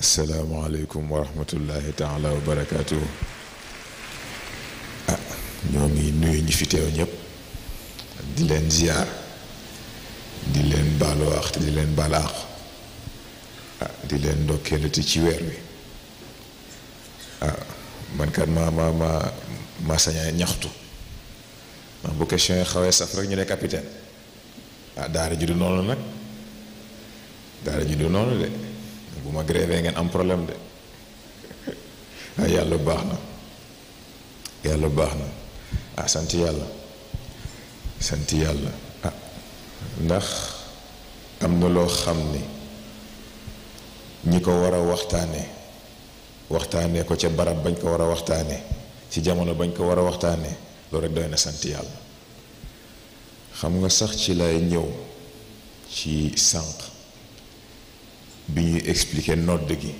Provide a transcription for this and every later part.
asalaamaaleykum wa rahmatullahi taala wa ah ñoo ngi nuyu fi teew ñëpp di leen ziar di leen baalu àq di leen balaax ah, di leen ndokkeelati ci weer wi ah man kat ma ma ma ma ñaxtu ndax bu question yi xawee saf rek ñu ne capitaine ah daara ji du noonu nag daara ji du noonu de. bu ma grévé ngeen am problème de waaye ah, yàlla baax na yàlla baax na ah sant yàlla sant yàlla ah ndax am na loo xam ni ñi ko war a waxtaanee waxtaane ko ca barab bañ ko war a waxtaane ci jamono bañ ko war a waxtaane loolu rek doy na sant yàlla xam nga sax ci lay ñëw ci sànq bi ñuy expliquer nodd gi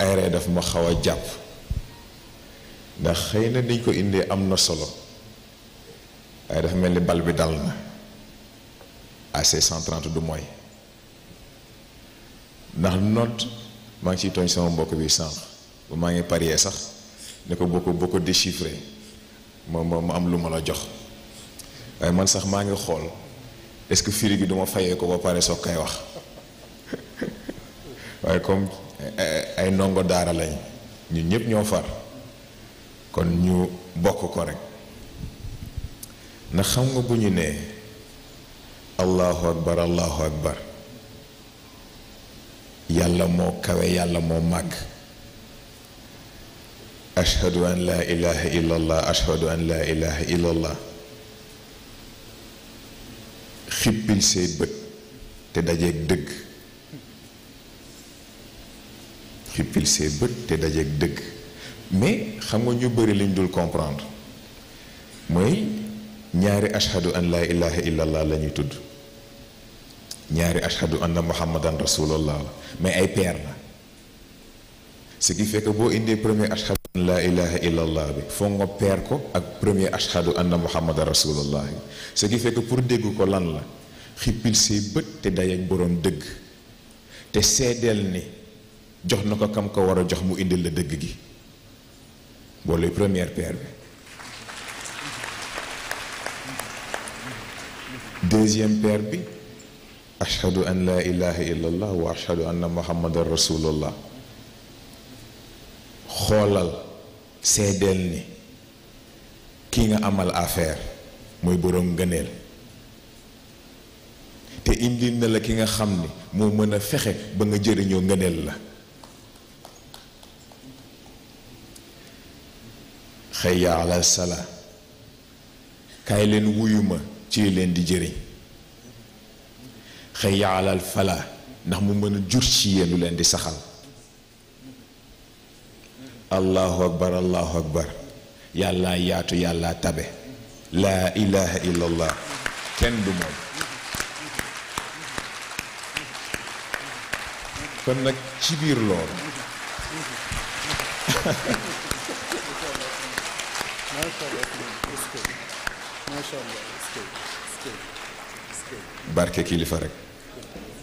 ay ree daf ma xaw a jàpp ndax xëy na niñ ko indee am na solo waaye dafa mel ni bal bi dal na AC 130 du mooy ndax nodd maa ngi ciy tooñ sama mbokk bi sànq ba maa ngi parier sax ne ko boo ko boo ko déchiffré ma ma am lu ma la jox waaye man sax maa ngi xool est-ce que firi gi duma fayee ko ba pare soog koy wax waaye comme eh, eh, ay ndongo daara lañ ñun ñëpp ñoo far kon ñu bokk ko rek na xam nga bu ñu nee allahu akbar allahu akbar yàlla moo kawe yàlla moo màgg ashhadu an laa ilaha illallah xippil say bët te dajeeg dëgg xippil say bët te dajeeg dëgg mais xam nga ñu bëri liñ dul comprendre mooy ñaari ashhadu an laa ilaha illallah la ñuy tudd ñaari ashhadu anna muhammadan rasulallah la mais ay peer la ce qui fait boo indee premier ashhadu laa ilaha illallah bi foog nga peer ko ak premier ashhadu anna muhammadan rasulullah bi ce qui fait pour dégg ko lan la xippil say bët te day ak boroom dëgg te seedeel ni jox na ko kam ko war a jox mu indil la dëgg gi booluy première paire bi deuxième paire bi ashhadu an laa ilaha illallah wa ashhadu anna muhammadan rasulullah xoolal seedeel ni kii nga amal affaire mooy boroom ngëneel te indil na la ki nga xam ni moo mën a fexe ba nga jëriñoo ngëneel la xëyya ala salaa kaay leen wuyu ma ci leen di jëriñ xëyya alal falaa ndax mu mën a jur ci yéen lu leen di saxal allahu akbar allahu akbar yàlla yaatu yàlla tabe laa ilaha illallah kenn du moom kon nag ci biir loolu barke kilifa rek